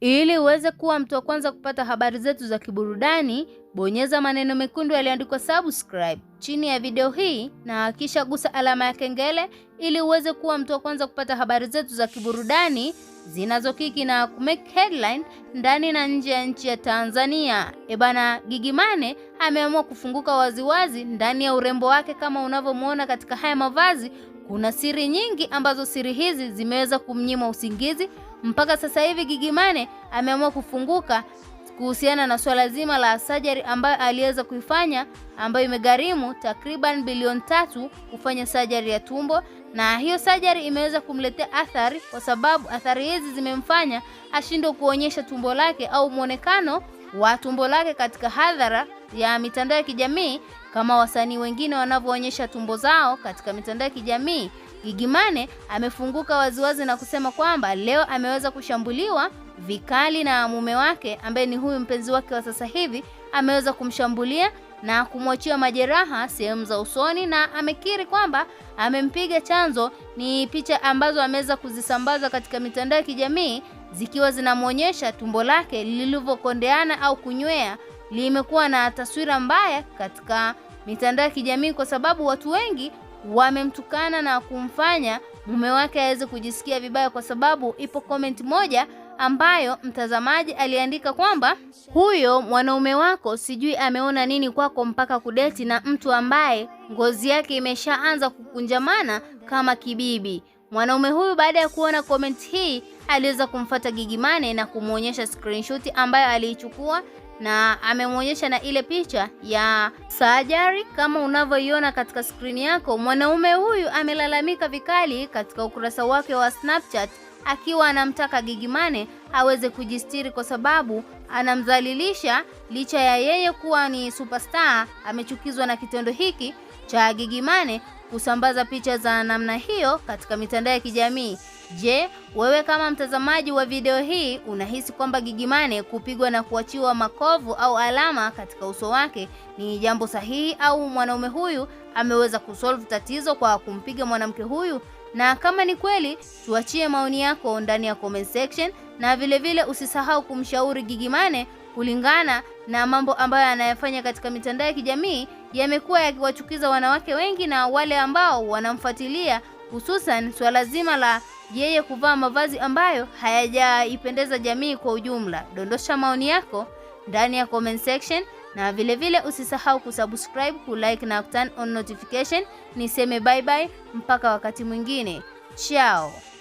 Ili uweze kuwa mtu wa kwanza kupata habari zetu za kiburudani, bonyeza maneno mekundu yaliyoandikwa subscribe chini ya video hii na kisha gusa alama ya kengele ili uweze kuwa mtu wa kwanza kupata habari zetu za kiburudani zinazokiki na kumake headline ndani na nje ya nchi ya Tanzania. Ebana, Gigimane ameamua kufunguka waziwazi ndani ya urembo wake kama unavyomwona katika haya mavazi kuna siri nyingi ambazo siri hizi zimeweza kumnyima usingizi mpaka sasa hivi. Gigy Money ameamua kufunguka kuhusiana na swala zima la sajari ambayo aliweza kuifanya ambayo imegharimu takriban bilioni tatu kufanya sajari ya tumbo, na hiyo sajari imeweza kumletea athari, kwa sababu athari hizi zimemfanya ashindwe kuonyesha tumbo lake au mwonekano wa tumbo lake katika hadhara ya mitandao ya kijamii kama wasanii wengine wanavyoonyesha tumbo zao katika mitandao ya kijamii. Gigimane amefunguka waziwazi na kusema kwamba leo ameweza kushambuliwa vikali na mume wake ambaye ni huyu mpenzi wake wa sasa hivi, ameweza kumshambulia na kumwachia majeraha sehemu za usoni, na amekiri kwamba amempiga. Chanzo ni picha ambazo ameweza kuzisambaza katika mitandao ya kijamii zikiwa zinamwonyesha tumbo lake lilivyokondeana au kunywea. Limekuwa na taswira mbaya katika mitandao ya kijamii kwa sababu watu wengi wamemtukana na kumfanya mume wake aweze kujisikia vibaya, kwa sababu ipo comment moja ambayo mtazamaji aliandika kwamba huyo mwanaume wako sijui ameona nini kwako mpaka kudeti na mtu ambaye ngozi yake imeshaanza kukunjamana kama kibibi. Mwanaume huyu baada ya kuona comment hii aliweza kumfuata Gigy Money na kumwonyesha screenshot ambayo aliichukua na amemwonyesha na ile picha ya sajari kama unavyoiona katika skrini yako. Mwanaume huyu amelalamika vikali katika ukurasa wake wa Snapchat akiwa anamtaka Gigy Money aweze kujistiri kwa sababu anamdhalilisha licha ya yeye kuwa ni superstar. Amechukizwa na kitendo hiki cha Gigy Money kusambaza picha za namna hiyo katika mitandao ya kijamii. Je, wewe kama mtazamaji wa video hii unahisi kwamba Gigimane kupigwa na kuachiwa makovu au alama katika uso wake ni jambo sahihi au mwanaume huyu ameweza kusolve tatizo kwa kumpiga mwanamke huyu? Na kama ni kweli, tuachie maoni yako ndani ya comment section, na vilevile vile usisahau kumshauri Gigimane kulingana na mambo ambayo anayafanya katika mitandao ya kijamii yamekuwa yakiwachukiza wanawake wengi na wale ambao wanamfuatilia, hususan suala zima la yeye kuvaa mavazi ambayo hayajaipendeza jamii kwa ujumla. Dondosha maoni yako ndani ya comment section na vilevile vile usisahau kusubscribe, kulike na turn on notification. Niseme bye bye mpaka wakati mwingine, chao.